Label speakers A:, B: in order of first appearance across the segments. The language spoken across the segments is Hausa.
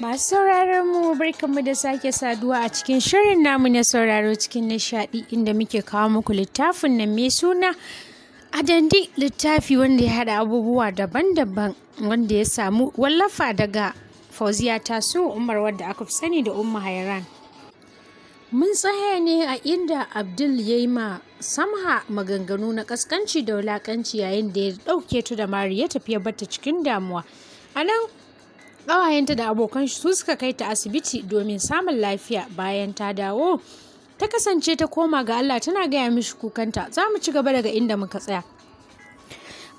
A: Masu sauraron mu mu da sake saduwa a cikin shirin namu na sauraro cikin nishadi inda muke kawo muku littafin nan mai suna Adandi littafi wanda ya hada abubuwa daban-daban wanda ya samu wallafa daga Fauziya su Umar wadda aka fi sani da Umma Hairan. Mun tsaya ne a inda Abdul ya yi ma Samha maganganu na kaskanci da wulakanci yayin da ya ɗauke ta da Mari ya tafi ya bata cikin damuwa. A nan ƙawayenta da abokan su suka kai ta asibiti domin samun lafiya bayan ta dawo ta kasance ta koma ga Allah tana gaya mishi kukanta za mu ci gaba daga inda muka tsaya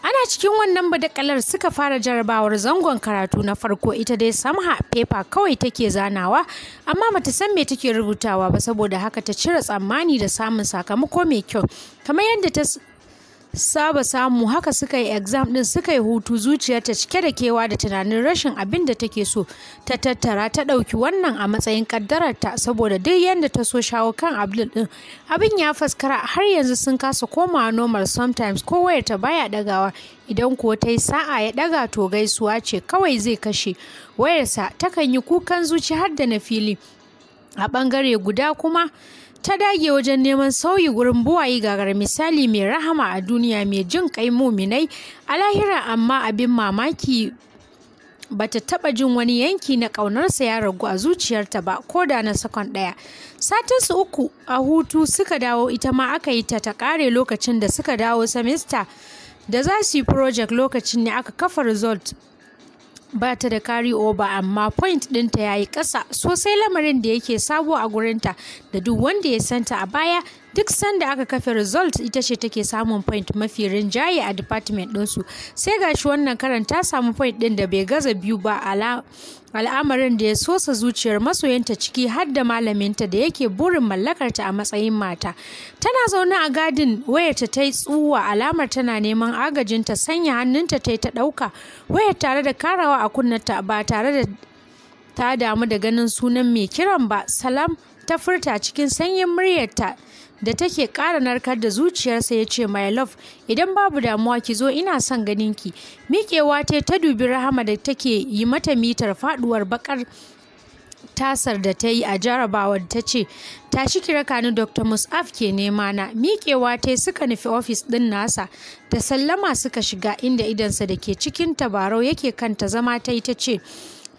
A: ana cikin wannan badakalar suka fara jarabawar zangon karatu na farko ita dai samha pepa kawai take zanawa amma bata san me take rubutawa ba saboda haka ta cire tsammani da samun sakamako mai kyau kamar yadda ta saba samu haka suka yi exam din suka yi hutu zuciyarta cike da kewa da tunanin rashin abin da take so ta tattara ta ɗauki wannan a matsayin ƙaddararta, saboda duk yadda ta so shawo kan abin din abin ya faskara har yanzu sun kasa komawa normal sometimes ko ta baya dagawa idan ko ta yi sa'a ya daga to gaisuwa ce kawai zai kashe wayarsa takan yi kukan zuci har da na fili a ɓangare guda kuma ta dage wajen neman sauyi gurin buwaye gagar misali mai rahama a duniya mai jin kai muminai a lahira amma abin mamaki ba ta taba jin wani yanki na ƙaunarsa ya ragu a zuciyarta ba ko da na sakon ɗaya satinsu uku a hutu suka dawo ita ma aka yi ta ta ƙare lokacin da suka dawo semester da za su yi project lokacin ne aka kafa result ba ta da carry over amma point dinta ya yi ƙasa sosai lamarin da yake sabo a gurinta da duk wanda ya santa a baya duk sanda aka kafe result ita ce take samun point mafi rinjaye a department ɗinsu sai gashi wannan karan ta samu point ɗin da bai gaza biyu ba ala al'amarin da ya sosa zuciyar masoyanta ciki har da malaminta da yake burin mallakarta a matsayin mata tana zaune a gadin wayarta ta yi tsuwa alamar tana neman agajinta sanya hannunta ta yi ta ɗauka wayar tare da karawa a kunnata ba tare da ta damu da ganin sunan mai kiran ba salam ta furta cikin sanyin muryarta da take ƙara narkar da zuciyarsa ya ce my love idan babu damuwa ki zo ina son ganin ki miƙewa ta ta dubi rahama da take yi mata mitar faɗuwar bakar tasar da ta yi a jarabawa ta ce ta tashi kira kani dr musaf ke nema na miƙewa ta suka nufi ofis ɗin nasa da sallama suka shiga inda idansa da ke cikin tabarau yake kanta zama ta yi ta ce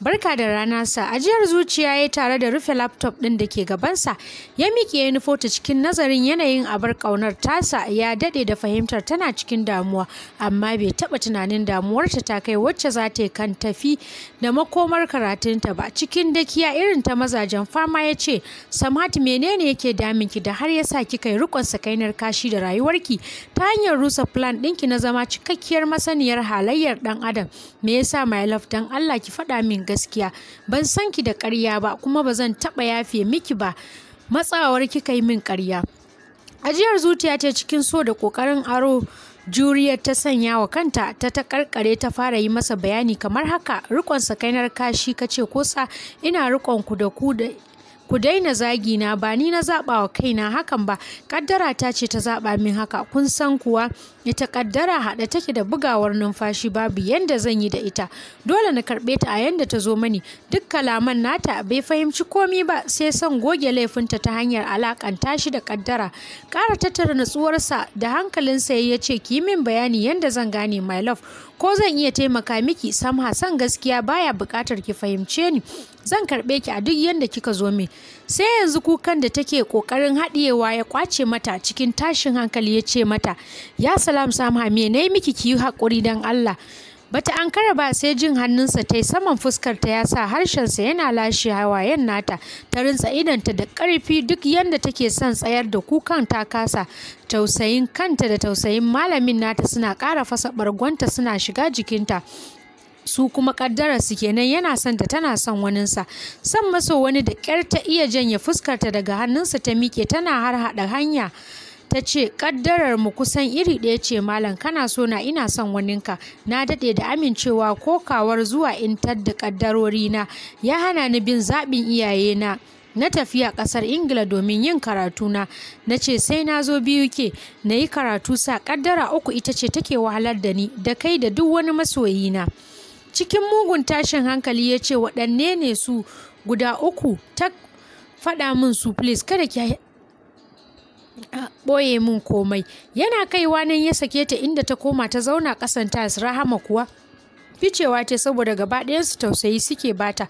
A: Barka da rana sa, ajiyar zuciya ya tare da rufe laptop ɗin da ke gabansa, ya miƙe ya nufo ta cikin nazarin yanayin abar ƙaunar tasa ya daɗe da fahimtar tana cikin damuwa, amma bai taɓa tunanin damuwarta ta kai wacce za ta kan tafi da makomar karatunta ba. Cikin dakiya irin ta mazajen fama ya ce, samat menene yake ki? da har ya sa kika yi riƙon sakainar kashi da rayuwarki ta hanyar rusa plan ɗinki na zama cikakkiyar masaniyar halayyar ɗan adam. Me yasa my love dan Allah ki faɗa min gaskiya ban san ki da ƙarya ba kuma ba zan taɓa yafe miki ba matsawar kika yi min ƙarya ajiyar zuciya ce cikin so da ƙoƙarin aro juriyar ta sanya wa kanta ta ta karkare ta fara yi masa bayani kamar haka rikon sakainar kashi kace kosa ina rikon ku da ku da ku daina zagina ba ni na zaba wa kaina hakan ba kaddara ta ce ta zaba min haka kun san kuwa ita kaddara hada take da bugawar numfashi babu yanda zan yi da ita dole na karbe ta a yanda ta zo mani duk kalaman nata bai fahimci komi ba sai son goge laifinta ta hanyar alaƙanta shi da kaddara kara tattara natsuwarsa da hankalinsa ya ce ki min bayani yanda zan gane my love ko zan iya taimaka miki sam Hassan gaskiya baya bukatar ki fahimce ni zan karɓe ki a duk yadda kika zo min sai yanzu kukan da take ƙoƙarin haɗiyewa ya kwace mata cikin tashin hankali ya ce mata ya salam sam hamiya na yi miki ki yi haƙuri don Allah Bata ankara ba sai jin hannunsa ta yi saman fuskarta ya sa harshensa yana lashe hawayen nata ta rintsa idanta da karfi duk yadda take son tsayar da kukan ta kasa tausayin kanta da tausayin malamin nata suna ƙara fasa bargonta suna shiga jikinta su kuma su kenan yana son ta tana son waninsa son maso wani da ƙyar ta iya janye fuskarta daga hannunsa ta miƙe tana har haɗa hanya ta ce kaddarar mu kusan iri ɗaya ce malam kana so na ina son waninka na daɗe da amincewa ko kawar zuwa intar da kaddarori na ya hana ni bin zaɓin iyaye na na tafiya ƙasar ingila domin yin karatu na na ce sai na zo biyu ke na yi karatu sa kaddara uku ita ce take wahalar da ni da kai da duk wani masoyi na cikin mugun tashin hankali ya ce waɗanne ne su guda uku ta faɗa min su please kada ki ɓoye min komai yana kaiwa nan ya sake ta inda ta koma ta zauna ƙasan tas rahama kuwa ficewa ce saboda gaba su tausayi suke bata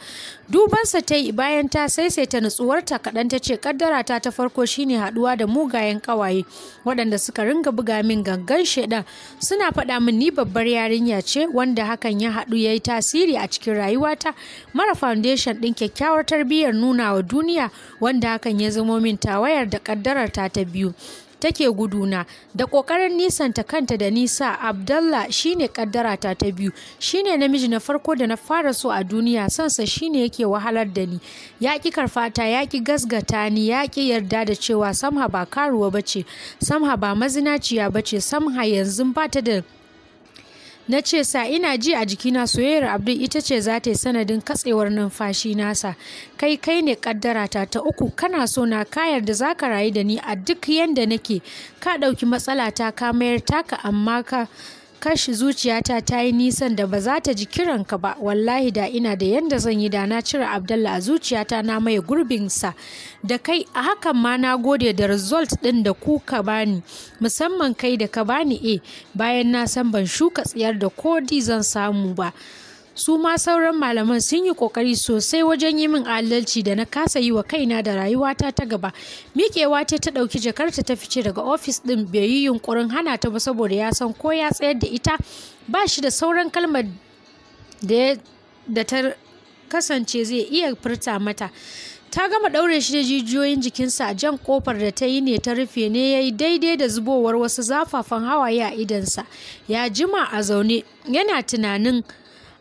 A: dubansa ta yi bayan ta saisaita nutsuwarta kaɗan ta ce kaddara ta ta farko shine haɗuwa da mugayen ƙawaye waɗanda suka ringa buga min gangan shaidan suna faɗa min ni babbar yarinya ce wanda hakan ya haɗu ya yi tasiri a cikin rayuwata mara foundation ɗin kyakkyawar tarbiyyar nuna wa duniya wanda hakan ya zamo min tawayar da kaddarar ta ta biyu take guduna da ƙoƙarin nisanta kanta da nisa abdallah shine kaddarata ta biyu shine namiji na farko da na fara so a duniya sansa shine yake wahalar da ni ya ki karfata ya ki gasgata ni ya ki yarda da cewa samha ba karuwa bace samha ba mazinaciya bace samha yanzu ba ta da na ce sa ina ji a jikina soyayyar abdul ita ce za ta yi sanadin katsewar numfashi nasa kai kai ne kaddarata ta uku kana so na kayar da zaka rayu da ni a duk yanda nake ka ɗauki matsala ta ka mayar taka amma ka kashi zuciyata ta yi nisan da ba za ta ji kiran ka ba wallahi da ina da yanda zan yi da na cire abdalla a zuciyata na mai gurbinsa da kai a hakan ma na gode da result ɗin da ku ka bani musamman kai da ka bani e eh, bayan na san ban shuka tsiyar da kodi zan samu ba su ma sauran malaman sun yi kokari sosai wajen yi min adalci da na kasa yi wa kaina da rayuwata ta gaba miƙewa ce ta ɗauki jakarta ta fice daga ofis ɗin bai yi yunkurin hana ta ba saboda ya san ko ya tsayar da ita ba shi da sauran kalmar da ta kasance zai iya furta mata ta gama ɗaure shi da jijiyoyin jikinsa a jan kofar da ta yi ne ta rufe ne ya yi daidai da zubowar wasu zafafan hawaye a idansa ya jima a zaune yana tunanin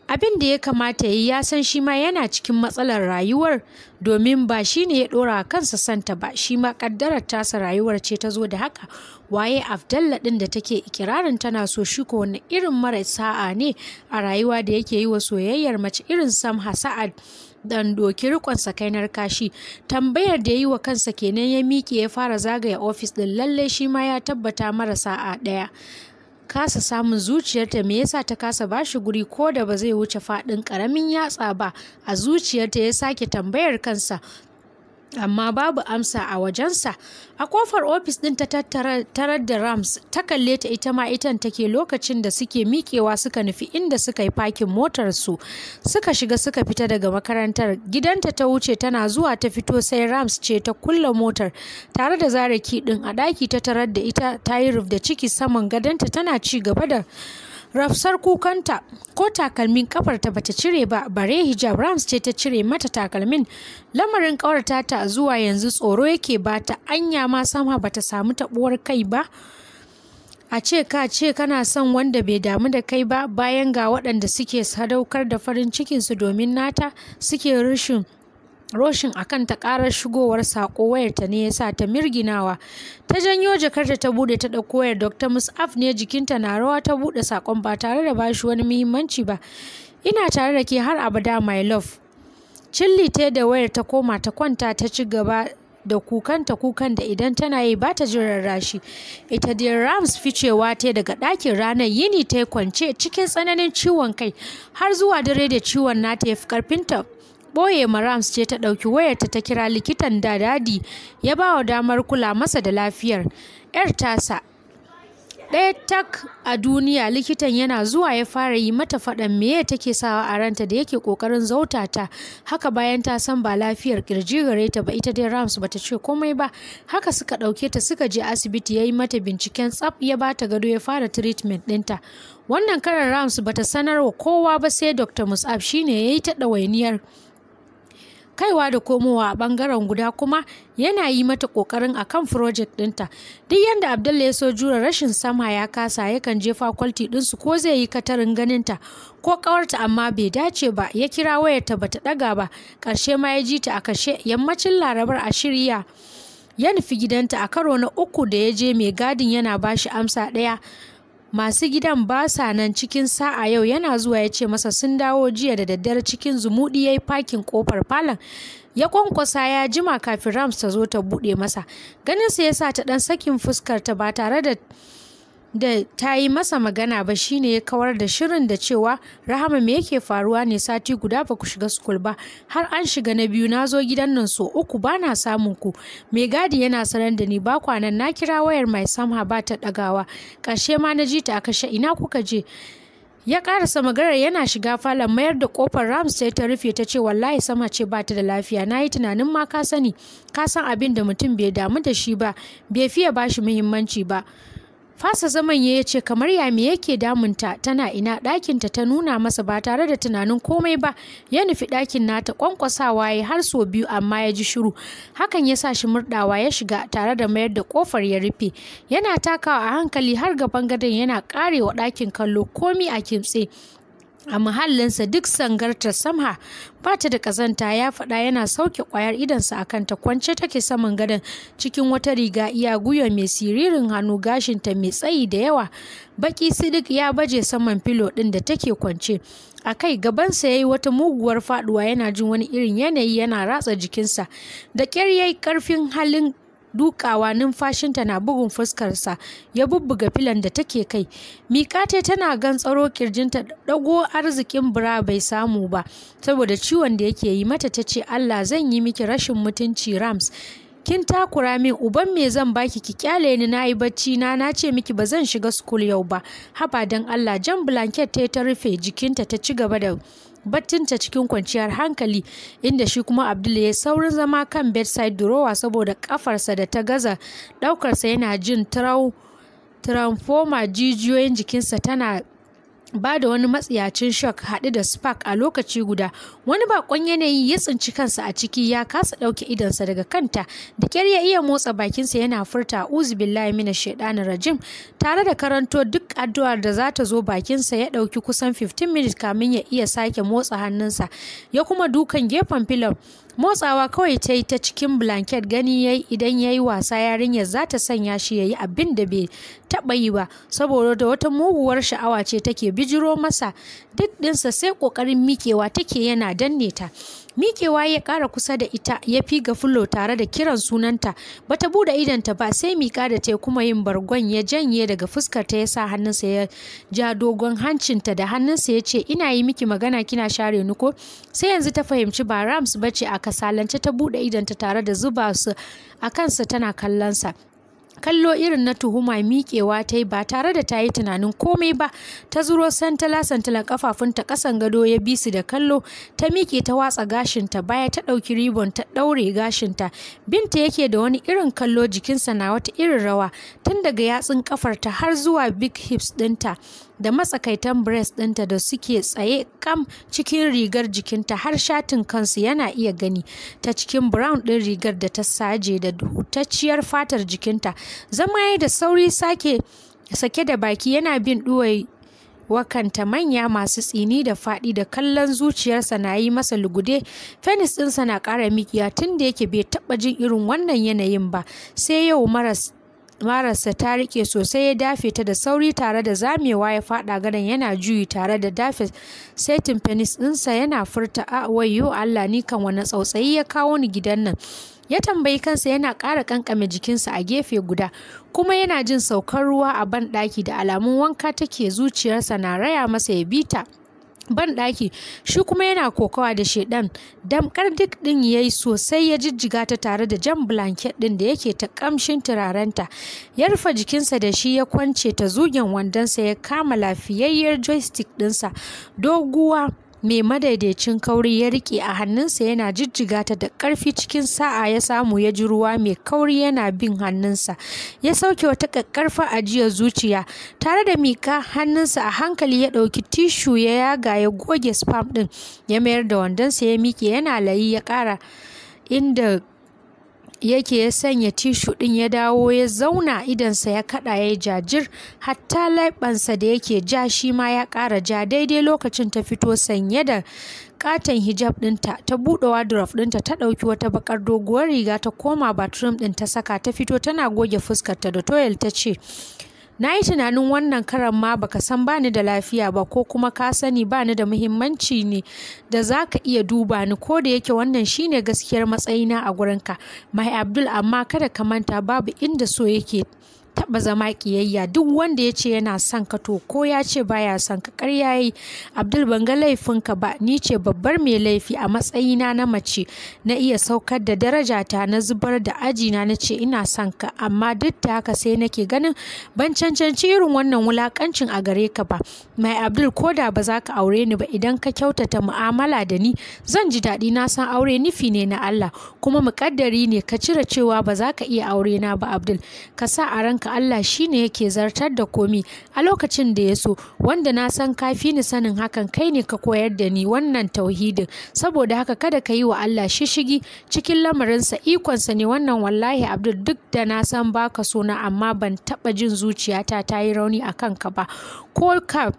A: abin da ya kamata ya yi ya san shi ma yana cikin matsalar rayuwar domin ba shi ne ya ɗora kansa santa ba shi ma ƙaddarar tasa rayuwar ce ta zo da haka waye abdalla ɗin da take ikirarin tana so shi ko wani irin mara sa'a ne a rayuwa da yake yi wa soyayyar mace irin sam sa'ad dan doki rikon sakainar kashi tambayar da yi wa kansa kenan ya miƙe ya fara zagaya ofis ɗin lallai shi ma ya tabbata mara sa'a ɗaya kasa samun zuciyarta me yasa ta kasa bashi guri ko da ba zai wuce faɗin ƙaramin yatsa ba a zuciyarta ya sake tambayar kansa amma babu amsa a wajensa a kofar ofis din ta tarar da rams ta kalle ta ita ma itan take lokacin da suke miƙewa suka nufi inda suka yi fakin motar su suka shiga suka fita daga makarantar gidanta ta wuce tana zuwa ta fito sai rams ce ta kulla motar tare da zaraki ki din a ɗaki ta tarar da ita ta yi da ciki saman gadonta tana ci gaba da rafsar kukanta ko takalmin kafarta bata cire ba bare hijab rams ce ta cire mata takalmin lamarin kawarta ta zuwa yanzu tsoro yake bata anya ma sama bata samu tabuwar kai ba a ce ka ce kana son wanda bai damu da kai ba bayan ga waɗanda suke sadaukar da farin cikinsu domin nata suke rushin roshin akan ta karar shigowar sako wayarta ne ya sa ta mirginawa ta janyo jakarta ta bude ta dauko wayar dr musaf ne jikinta na rawa ta bude sakon ba tare da bashi wani muhimmanci ba ina tare da ke har abada my love cilli ta da wayar ta koma ta kwanta ta ci gaba da kukan ta kukan da idan tana yi ba ta jin rarrashi ita dai rams ficewa ta daga dakin ranar yini ta kwance cikin tsananin ciwon kai har zuwa dare da ciwon nata ya fi karfinta ma marams ce ta ɗauki wayarta ta kira likitan da dadi ya ba wa damar kula masa da lafiyar yar tasa ɗaya tak a duniya likitan yana zuwa ya fara yi mata faɗan meye take sawa a ranta da yake ƙoƙarin zauta ta haka bayan ta san ba lafiyar kirji gare ta ba ita dai rams bata ce komai ba haka suka ɗauke ta suka je asibiti ya yi mata binciken tsaf ya bata gado ya fara treatment ɗinta wannan karar rams bata sanarwa kowa ba sai dr musab shine ya yi ta ɗawainiyar kaiwa da komowa a bangaren guda kuma yana yi mata kokarin kan project ɗinta duk yadda abdulla ya so jura rashin sama ya kasa yakan je faculty dinsu ko zai yi katarin ganinta ko kawarta amma bai dace ba ya kira wayarta bata daga ba karshe ma ya ji ta a kashe yammacin larabar a shirya ya nufi gidanta a karo na uku da ya je mai gadin yana bashi amsa ɗaya masu gidan ba sa nan cikin sa'a yau yana zuwa ya ce masa sun dawo jiya da daddare cikin zumuɗi ya yi fakin kofar falon ya kwankwasa ya jima kafin rams ta zo ta buɗe masa ganin sa ya sa ta ɗan sakin fuskar ta ba tare da da ta yi masa magana ba shine ya kawar da shirin da cewa rahama me yake faruwa ne sati guda ba ku shiga sukul ba har an shiga na biyu na zo gidan nan so uku ba na samun ku mai gadi yana sanar da ni ba kwanan na kira wayar mai samha ba ta dagawa. ƙarshe ma na ji ta a kashe ina kuka je ya karasa magana yana shiga falon mayar da kofar rams sai ta rufe ta ce wallahi sama ce ba ta da lafiya na yi tunanin ma ka sani ka san abin da mutum bai damu da shi ba bai fiye ba shi muhimmanci ba fasa zaman ya ce kamar ya me yake damunta tana ina ɗakinta ta nuna masa ba tare da tunanin komai ba ya nufi ɗakin nata kwankwasawa ya har sau biyu amma ya ji shiru hakan ya sa shi murɗawa ya shiga tare da mayar da ƙofar ya rufe yana takawa a hankali har gaban gadon yana ƙarewa ɗakin kallo komi a kimtse a muhallinsa duk sangartar samha ba ta da kazanta ya faɗa yana sauke ƙwayar idansa a kanta kwance take saman gadon cikin wata riga iya guyon mai siririn hannu gashinta mai tsayi da yawa baki sidik ya baje saman filo ɗin da take kwance a kai gabansa ya yi wata muguwar faɗuwa yana jin wani irin yanayi yana ratsa jikinsa da ƙyar ya yi ƙarfin halin dukawa numfashinta na bugun fuskarsa ya bubbuga filan da take kai mikate tana gan tsaro kirjinta dago arzikin bura bai samu ba saboda ciwon da yake yi mata ta ce allah zan yi miki rashin mutunci rams kin takura min uban me zan baki ki kyale ni na yi bacci na na ce miki ba zan shiga school yau ba haba dan allah jan blanket ta rufe jikinta ta ci gaba da baccinta cikin kwanciyar hankali inda shi kuma abdul ya saurin zama kan bedside durowa saboda kafarsa da ta gaza daukarsa yana jin trau jijiyoyin jikinsa tana ba da wani matsiyacin shock haɗe da spark a lokaci guda wani bakon yanayi ya tsinci kansa a ciki ya kasa ɗauke idonsa daga kanta da ƙyar ya iya motsa bakinsa yana furta uzu billahi mina shaidanin rajim tare da karanto duk addu'ar da za ta zo bakinsa ya ɗauki kusan 15 minutes kamin ya iya sake motsa hannunsa ya kuma dukan gefen filon motsawa kawai ta yi ta cikin blanket gani yayi idan ya yi wasa yarinyar za ta sanya shi ya yi abin da bai taɓa yi ba saboda da wata muguwar sha'awa ce take bijiro masa duk ɗinsa sai ƙoƙarin mikewa take yana danne ta mikewa ya kara kusa da ita ya fi ga fulo tare da kiran sunanta bata buɗe idanta ba sai miƙa da ta kuma yin bargon ya janye daga fuskar ta yasa hannunsa ya ja dogon hancinta da hannunsa ya ce ina yi miki magana kina share ni ko sai yanzu ta fahimci ba Rams bace a kasalance ta buɗe idanta tare da zuba su a kansa tana kallonsa kallo irin na tuhuma miƙewa ta yi ba tare da ta yi tunanin komai ba ta zuro santala santalan kafafunta ƙasan gado ya bi su da kallo ta miƙe ta watsa gashinta baya ta ɗauki ribon ta ɗaure gashinta binta yake da wani irin kallo jikinsa na wata irin rawa tun daga yatsun ƙafarta har zuwa big hips ɗinta da matsakaitan breast ɗinta da suke tsaye kam cikin rigar jikinta har shatin kansu yana iya gani ta cikin brown ɗin rigar da ta saje da hutacciyar fatar jikinta zama ya da sauri sake sake da baki yana bin ɗuwai wakanta manya masu tsini da faɗi da kallon zuciyarsa na yi masa lugude fenis ɗinsa na ƙara mikiya tun da yake bai taɓa jin irin wannan yanayin ba sai yau maras mararsa ta rike sosai ya dafe ta da sauri tare da zamewa ya fada gadon yana juyi tare da dafe setin penis dinsa yana furta a ah, wayo Allah ni kan wani tsautsayi ya kawo ni gidan nan ya tambayi kansa yana ƙara kankame jikinsa a gefe guda kuma yana jin saukar ruwa a ban da alamun wanka take zuciyarsa na raya masa ya bita. ban ɗaki shi kuma yana kokawa da shedan damkar duk ɗin ya yi sosai ya jijjiga ta tare da jan blanket ɗin da yake ta ƙamshin turarenta ya rufe jikinsa da shi ya kwance ta zugen wandonsa ya kama lafiyayyar joystick ɗinsa doguwa mai madaidaicin kauri ya riƙe a hannunsa yana jijjiga ta da ƙarfi cikin sa'a ya samu ya ji ruwa mai kauri yana bin hannunsa ya sauke wata ƙaƙƙarfa ajiyar zuciya tare da mika hannunsa a hankali ya ɗauki tishu ya yaga ya goge spam ɗin ya mayar da wandonsa ya miƙe yana layi ya ƙara inda yake ya sanya tishu ɗin ya dawo ya zauna idansa ya kaɗa ya jajir hatta laibansa da yake ja shi ma ya ƙara ja daidai lokacin ta fito sanye da katon hijab ɗinta ta buɗe wardrobe ɗinta ta ɗauki wata bakar doguwar riga ta koma bathroom ɗin ta saka ta fito tana goge fuskarta da toyel ta ce na yi tunanin wannan karan ma baka san ba ni da lafiya ba ko kuma ka sani ba ni da muhimmanci ne da za ka iya duba ni ko da yake wannan shine gaskiyar matsayina a gurinka mai abdul amma kada ka manta babu inda so yake taba zama kiyayya duk wanda ya ce yana son ka to ko ya ce baya son ka karya yi abdul ban ga ka ba ni ce babbar mai laifi a matsayina na mace na iya saukar da daraja ta na zubar da ajina na ce ina son ka amma duk da haka sai nake ganin ban cancanci irin wannan wulakancin a gare ka ba mai abdul ko da ba za ka aure ni ba idan ka kyautata mu'amala da ni zan ji daɗi na san aure nufi ne na Allah kuma mukaddari ne ka cire cewa ba za ka iya aure na ba abdul ka sa a ran ka Allah ne yake zartar da komi a lokacin da ya so wanda na san kafi ni sanin hakan kai ne ka koyar da ni wannan tauhidin saboda haka kada ka yi wa Allah shishigi cikin lamarinsa ikonsa ne wannan wallahi Abdul duk da na san baka so amma ban taɓa jin zuciyata ta yi rauni a kanka ba ko ka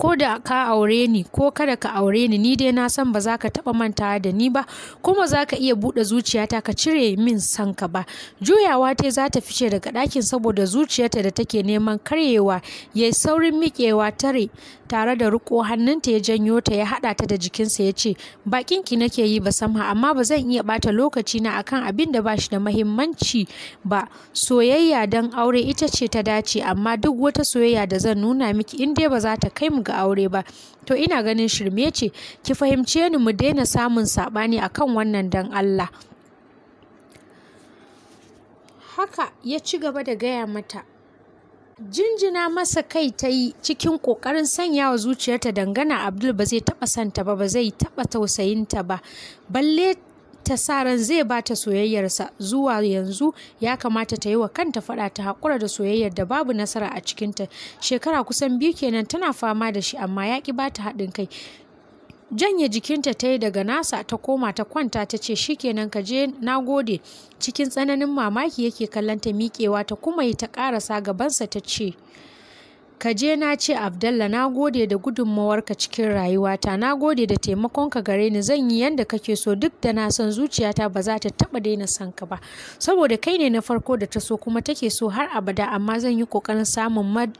A: ko da ka aure ni ko kada ka aure ni ni dai na san ba za ka taɓa mantawa da ni ba kuma za ka iya buɗe zuciyata ka cire min sanka ba juyawa ta za ta fice daga ɗakin saboda zuciyarta da take neman karyewa ya yi saurin miƙewa tare tare da riko hannunta ya janyo ta ya haɗa ta da jikinsa ya ce bakin ki nake yi ba sama amma ba zan iya ɓata lokaci na akan abin da ba shi da mahimmanci ba soyayya don aure ita ce ta dace amma duk wata soyayya da zan nuna miki in dai ba za ta kai mu ga aure ba to ina ganin shirme ce ki fahimce ni mu daina samun saɓani akan wannan dan Allah haka ya ci gaba da gaya mata jinjina masa kai ta yi cikin ƙoƙarin sanya wa zuciyarta dangana abdul ba zai taɓa santa ba ba zai taɓa tausayinta ba balle ta sa ran zai ba ta soyayyarsa zuwa yanzu ya kamata ta yi wa kanta faɗa ta haƙura da soyayyar da babu nasara a cikinta shekara kusan biyu kenan tana fama da shi amma ya ƙi ba ta haɗin kai janye jikinta ta yi daga nasa ta koma ta kwanta ta ce shikenan ka je na gode cikin tsananin mamaki yake kallon ta miƙewa ta kuma yi ta ƙarasa gabansa ta ce ka je na ce abdallah na gode da gudunmawarka cikin rayuwata na gode da taimakonka gare ni zan yi yadda kake so duk da na san zuciyata ba za ta taɓa daina son ka ba saboda kai ne na farko da ta so kuma take so har abada amma zan yi kokarin samun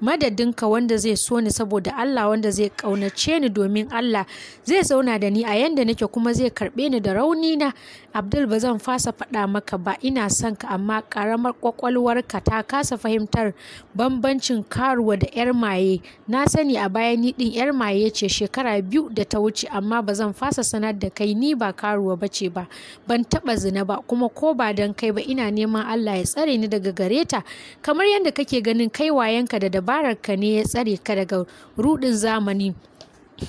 A: madadinka wanda zai so ni saboda Allah wanda zai ƙaunace ni domin Allah zai zauna da ni a yanda nake kuma zai karɓe ni da rauni na Abdul ba zan fasa faɗa maka ba ina son ka amma ƙaramar ƙwaƙwalwarka ta kasa fahimtar bambancin karuwa da 'yar maye na sani a baya ni ɗin 'yar maye ce shekara biyu da ta wuce amma ba zan fasa sanar da kai ni ba karuwa ba ce ba ban taɓa zina ba kuma ko ba dan kai ba ina neman Allah ya tsare ni daga gare ta kamar yadda kake ganin kai wayenka da daba. dabararka ne ya tsare ka daga rudin zamani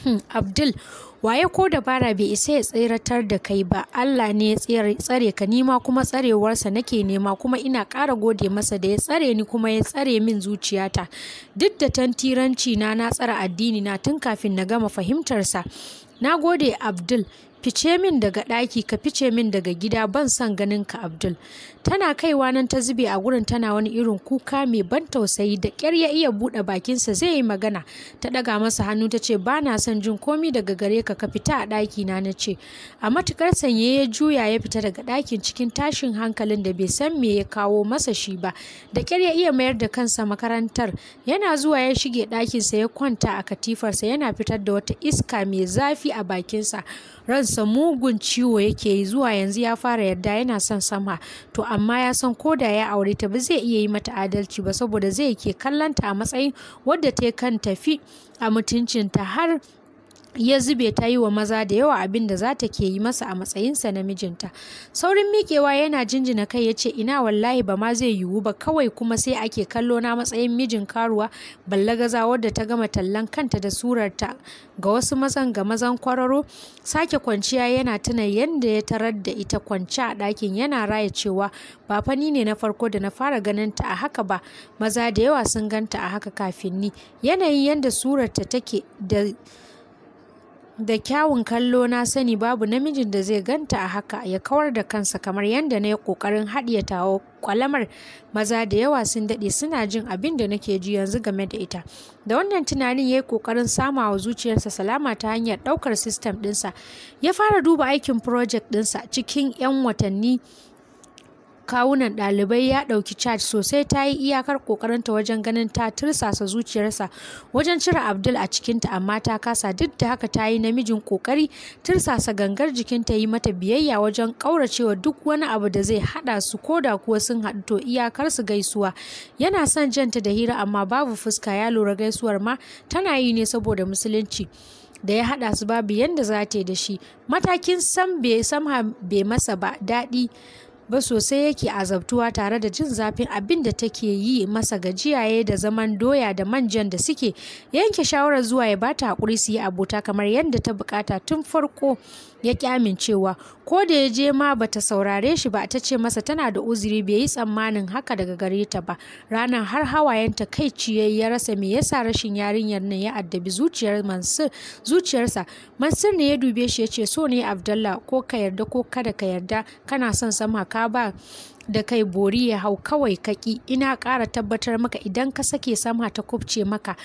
A: hmm, abdul waye ko dabara bai isa ya tsiratar da kai ba allah ne ya tsare ka nima kuma tsarewarsa nake nema kuma ina ƙara gode masa da ya tsare ni kuma ya tsare min zuciyata duk da tantiranci na na tsara addini na tun kafin na gama fahimtarsa na gode abdul fice min daga ɗaki ka fice min daga gida ban son ganin ka abdul tana kaiwa nan ta zube a gurin tana wani irin kuka mai ban tausayi da ƙyar ya iya buɗe bakinsa zai yi magana ta ɗaga masa hannu ta ce ba na son jin komi daga gare ka ka fita a ɗaki na na ce a matukar sanye ya juya ya fita daga ɗakin cikin tashin hankalin da bai san me ya kawo masa shi ba da ƙyar ya iya mayar da kansa makarantar yana zuwa ya shige ɗakinsa ya kwanta a katifarsa yana fitar da wata iska mai zafi a bakinsa ran sa mugun ciwo yake yi zuwa yanzu ya fara yarda yana son sama to amma ya san ko da ya aure ta ba zai iya yi mata adalci ba saboda zai ke kallanta a matsayin wadda ta kan tafi a mutuncinta har ya zube ta yi wa maza da yawa abin da za ta ke yi masa a matsayinsa na mijinta saurin miƙewa yana jinjina kai ya ce ina wallahi ba ma zai yiwu ba kawai kuma sai ake kallo na matsayin mijin karuwa ballagaza wadda ta gama tallan kanta da surarta ga wasu mazan ga mazan kwararo sake kwanciya yana tuna yadda ya tarar da ita kwanci a ɗakin yana raya cewa ba fa ni ne na farko da na fara ganin ta a haka ba maza da yawa sun ganta a haka kafin ni yanayin yadda surarta take da da kyawun kallo na sani babu namijin da zai ganta a haka ya kawar da kansa kamar yadda na yi ƙoƙarin haɗiye tawo kwalamar maza da yawa sun daɗe suna jin abin da nake ji yanzu game da ita da wannan tunanin ya yi ƙoƙarin sama wa zuciyarsa salama ta hanyar ɗaukar sistem ɗinsa ya fara duba aikin project ɗinsa cikin 'yan watanni kawunan ɗalibai ya ɗauki charge sosai ta yi iyakar ƙoƙarinta wajen ganin ta tirsasa zuciyarsa wajen cire abdul a cikinta amma ta kasa duk da haka ta yi namijin ƙoƙari tirsasa gangar jikinta yi mata biyayya wajen ƙauracewa duk wani abu da zai haɗa su ko da kuwa sun haɗu to iyakar su gaisuwa yana son janta da hira amma babu fuska ya lura gaisuwar ma tana yi ne saboda musulunci da ya haɗa su babu yadda za ta yi da shi matakin sam bai masa ba daɗi ba sosai yake azabtuwa tare da jin zafin abin da take yi masa gajiyaye da zaman doya da manjan da suke yanke shawarar zuwa ya bata hakuri su yi abota kamar yadda ta bukata tun farko ya ƙi amincewa ko da ya je ma bata saurare shi ba ta ce masa tana da uzuri bai yi tsammanin haka daga gare ta ba ranar har hawayen ta kai ciye ya rasa me yasa rashin yarinyar nan ya addabi zuciyar Mansur zuciyarsa Mansur ne ya dube shi ya ce so ne Abdallah ko ka yarda ko kada ka yarda kana son sama ka ba da kai bori ya hau kawai kaki ina ƙara tabbatar maka idan ka sake sama ta kubce maka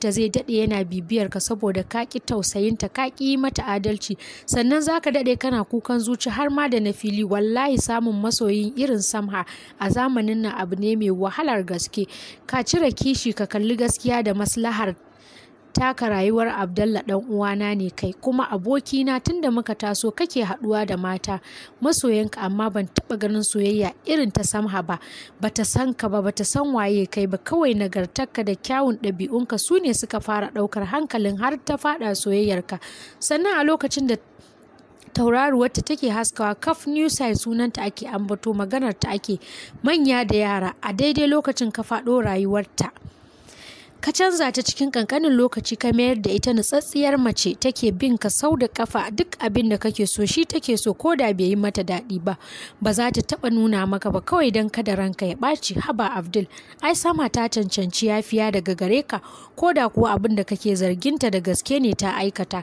A: ta zai daɗe yana bibiyar ka saboda kaƙi tausayinta kaƙi yi mata adalci sannan zaka daɗe kana kukan zuci har ma da na fili wallahi samun masoyin irin samha a zamanin nan abu ne mai wahalar gaske ka cire kishi ka kalli gaskiya da maslahar taka rayuwar Abdallah dan uwana ne kai kuma abokina tunda muka taso kake haduwa da mata masoyanka amma ban taba ganin soyayya irin ta samha ba bata san ka ba bata san waye kai ba kawai nagartarka da kyawun ɗabi'unka su ne suka fara ɗaukar hankalin har ta faɗa soyayyarka sannan a lokacin da tauraruwar ta take haskawa kaf new side sunanta ake ambato maganar ta ake manya da yara a daidai lokacin ka faɗo rayuwarta ka canza ta cikin kankanin lokaci ka mayar da ita nutsatsiyar mace take bin ka sau da kafa duk abin da kake so shi take so ko da bai yi mata daɗi ba ba za ta taɓa nuna maka ba kawai don kada ranka ya ɓaci haba abdul ai sama ta cancanci yafiya daga gare ka ko da kuwa abin da kake zarginta da gaske ne ta aikata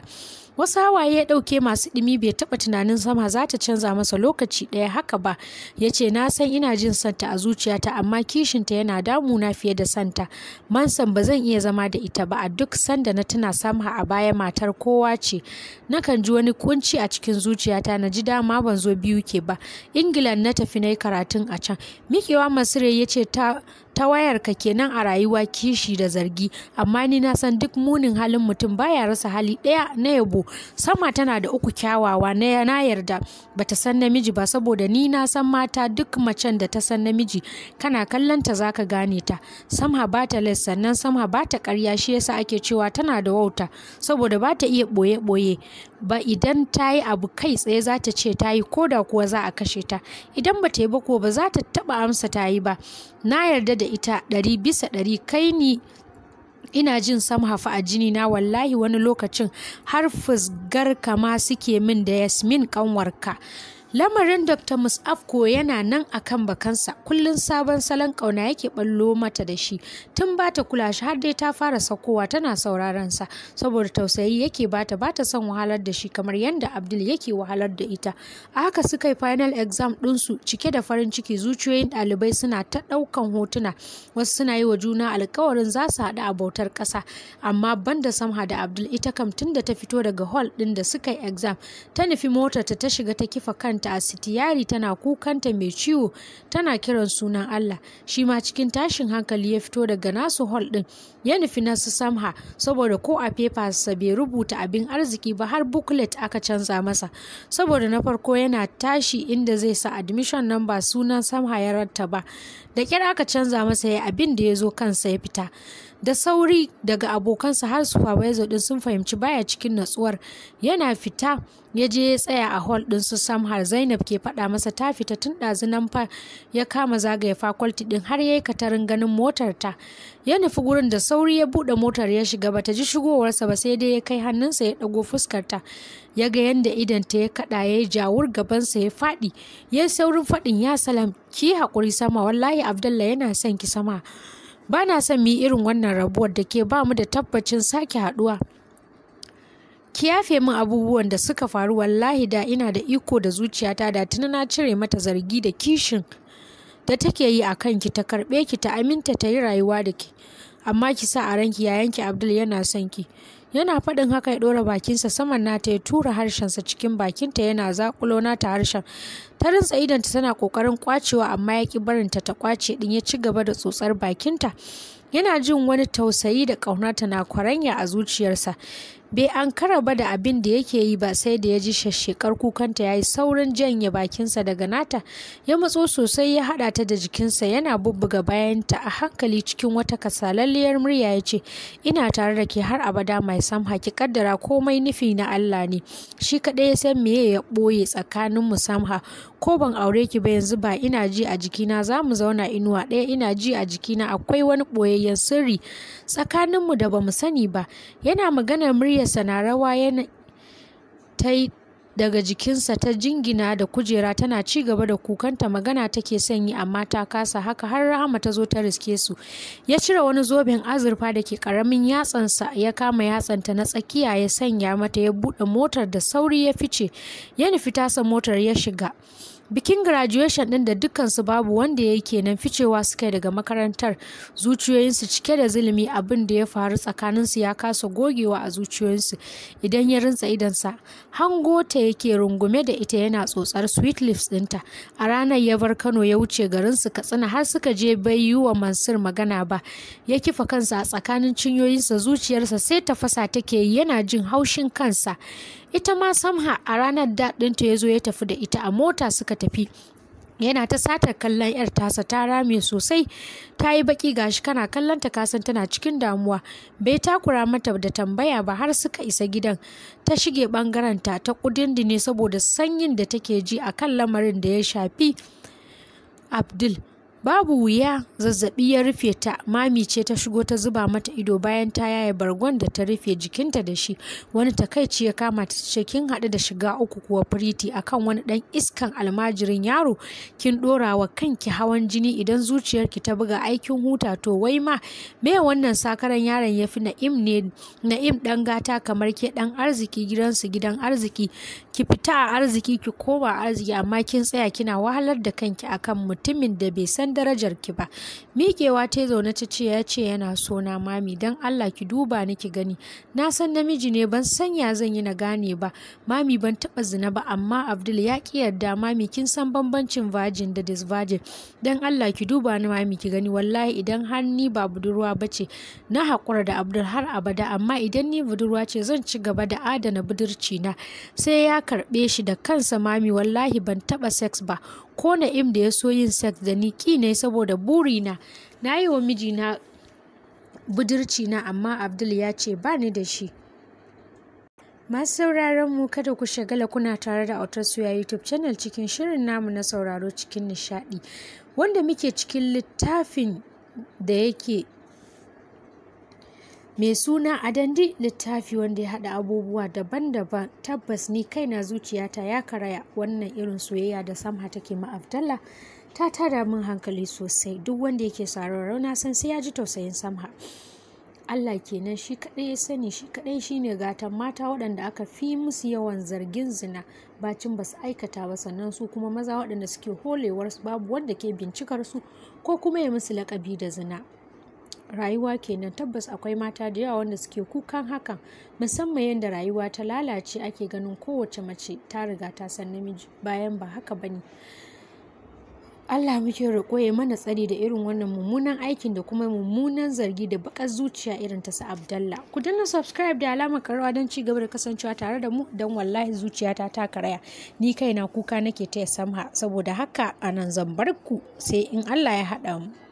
A: wasu hawaye ya ɗauke masu ɗumi bai taɓa tunanin sama za ta canza masa lokaci ɗaya haka ba ya ce na san ina jin santa a zuciyata amma kishinta yana damuna fiye da santa mansan ba zan zan iya zama da ita ba a duk sanda na tuna samha a baya matar kowa ce na kan ji wani kunci a cikin zuciyata na ji dama ban zo biyu ke ba ingila na tafi na yi karatun a can mikewa masire ya ce ta ta wayarka kenan a rayuwa kishi da zargi amma ni na san duk munin halin mutum baya rasa hali ɗaya na yabo sama tana da uku kyawawa na yarda bata san namiji ba saboda ni na san mata duk macen da ta san namiji kana kallon ta zaka gane ta sama ba ta les sannan sama ba ta ƙarya shi yasa ake cewa tana da wauta saboda ba ta iya boye boye ba idan ta yi abu kai tsaye za ta ce ta yi ko da kuwa za a kashe ta idan ba ta yi ba kuwa ba za ta taɓa amsa ta yi ba na yarda da ita ɗari bisa ɗari kai ni ina jin sam hafa a jini na wallahi wani lokacin har fusgar kama suke min da yasmin kanwarka lamarin dr musafko yana nan akan bakansa kullum sabon salon ƙauna yake ɓallo mata da shi tun ba ta kula shi har dai ta fara saukowa tana sauraron sa saboda tausayi yake bata ta son wahalar da shi kamar yadda abdul yake wahalar da ita a haka suka yi final exam ɗinsu cike da farin ciki zuciyoyin ɗalibai suna ta ɗaukan hotuna wasu suna yi wa juna alkawarin za su haɗu a bautar ƙasa amma banda samha da abdul ita kam tun da ta fito daga hall ɗin da suka yi exam ta nufi motar ta ta shiga ta kifa kanta kanta a sitiyari tana kukanta mai ciwo tana kiran sunan Allah shi ma cikin tashin hankali ya fito daga nasu hall din ya nufi nasu samha saboda ko a sa bai rubuta abin arziki ba har booklet aka canza masa saboda na farko yana tashi inda zai sa admission number sunan samha ya ba, da kyar aka canza masa ya abin da ya zo kansa ya fita da sauri daga abokansa har supervisor din sun fahimci baya cikin natsuwar yana fita ya je ya tsaya a hall din su samhar zainab ke faɗa masa ta fita tun ɗazunan fa ya kama zagaya faculty din har ya katarin ganin motar ta ya nufi gurin da sauri ya buɗe motar ya shiga bata ji shigowarsa ba sai dai ya kai hannunsa ya ɗago fuskarta ya ga yadda ta ya kaɗa ya yi jawur gabansa ya faɗi ya yi saurin faɗin ya salam ki haƙuri sama wallahi abdallah yana son ki sama ba na son mu yi irin wannan rabuwar da ke ba mu da tabbacin sake haɗuwa kiyafe min abubuwan da suka faru wallahi da ina da iko da zuciyata da tuna na cire mata zargi da kishin da take yi a kanki ta karɓe ki ta aminta ta yi rayuwa da ki amma ki sa a ranki yayanki abdul yana son ki yana faɗin haka ya ɗora bakinsa saman nata ya tura harshensa cikin bakinta yana zakulo nata harshen ta rintsa idanta tana ƙoƙarin kwacewa amma ya ƙi barinta ta kwace ɗin ya ci gaba da tsotsar bakinta yana jin wani tausayi da ƙauna na kwaranya a zuciyarsa bai an ba da abin da yake yi ba sai da ya ji shashekar kukanta ya yi saurin janye bakinsa daga nata ya matso sosai ya hada ta da jikinsa yana bubbuga bayanta a hankali cikin wata kasalalliyar murya ya ce ina tare da ke har abada mai sam haki kaddara komai nufi na Allah ne shi kaɗai ya san meye ya ɓoye tsakanin mu samha ko ban aure ki ba yanzu ba ina ji a jikina za mu zauna inuwa ɗaya ina ji a jikina akwai wani ɓoyayyen sirri tsakaninmu da ba mu sani ba yana maganar murya muryarsa na rawa yana ta daga jikinsa ta jingina da kujera tana ci gaba da kukanta magana take sanyi amma ta kasa haka har rahama ta zo ta riske su ya cire wani zoben azurfa da ke karamin yatsansa ya kama yatsanta na tsakiya ya sanya mata ya buɗe motar da sauri ya fice ya nufi tasa motar ya shiga bikin graduation din da dukkansu babu wanda yake kenan ficewa suka daga makarantar zuciyoyinsu cike da zulumi abin da ya faru tsakaninsu ya kasa gogewa a zuciyoyinsu idan ya rintsa idansa hango ta yake rungume da ita yana tsotsar sweet leaves dinta a ranar ya bar kano ya wuce garin su katsina har suka je bai yi wa mansur magana ba ya kifa kansa a tsakanin cinyoyinsa zuciyarsa sai tafasa take yana jin haushin kansa ita ma samha a ranar daɗinta ya zo ya tafi da ita a mota suka tafi yana ta satar kallon yar tasa ta rame sosai ta yi baki gashi kana kallon ta kasan tana cikin damuwa bai takura mata da tambaya ba har suka isa gidan ta shige bangaren ta ta ne saboda sanyin da take ji a kan lamarin da ya shafi abdul Babu wuya zazzabi ya rufe ta, mami ce ta shigo ta zuba mata ido bayan ta yaye bargon da ta rufe jikinta da shi. Wani takaici ya kama ta ce kin haɗu da shiga uku kuwa firiti akan wani ɗan iskan almajirin yaro kin ɗora wa kanki hawan jini idan zuciyarki ta buga aikin huta to wai ma me wannan sakaran yaron ya fi na'im ne na'im ɗan gata kamar ke ɗan arziki gidansu gidan arziki ki fita a arziki ki koma arziki amma kin tsaya kina wahalar da kanki akan mutumin da bai san darajar ki ba miƙewa ta zaune ta ce ya ce yana so na mami dan Allah ki duba ni ki gani na san namiji ne ban san ya zan yi na gane ba mami ban taba zina ba amma Abdul ya ki yarda mami kin san bambancin virgin da disvirgin dan Allah ki duba ni mami ki gani wallahi idan har ni ba budurwa bace na haƙura da Abdul har abada amma idan ni budurwa ce zan ci gaba da adana budurci na sai ya karbe shi da kansa mami wallahi ban taba sex ba ko im da ya so yin sex da ni ki ne saboda burina na yi wa mijina budurci na amma abdul ya ce ba ni da shi masu sauraron mu kada ku shagala kuna tare da autar suya youtube channel cikin shirin namu na sauraro cikin nishadi wanda muke cikin littafin da yake mai suna a dandi littafi wanda ya haɗa abubuwa daban-daban tabbas ni kaina zuciyata ya karaya wannan irin soyayya da samha take ma abdallah ta tada min hankali sosai duk wanda yake sauraro na san sai ya ji tausayin samha Allah kenan shi kaɗai ya sani shi kaɗai ne gatan mata waɗanda aka fi musu yawan zargin zina bacin ba su aikata ba sannan su kuma maza waɗanda suke holewar babu wanda ke bincikar su ko kuma ya musu laƙabi da zina rayuwa kenan tabbas akwai mata da yawa wanda suke kukan hakan musamman yadda rayuwa ta lalace ake ganin kowace mace ta riga ta san namiji bayan ba haka bane Allah muke roƙo ya mana tsari da irin wannan mummunan aikin da kuma mummunan zargi da baƙar zuciya irin ta sa Abdallah. Ku danna subscribe da alamar karawa don ci gaba da kasancewa tare da mu don wallahi zuciyata ta karaya. Ni kaina kuka nake taya samha saboda haka anan zan bar sai in Allah ya haɗa mu.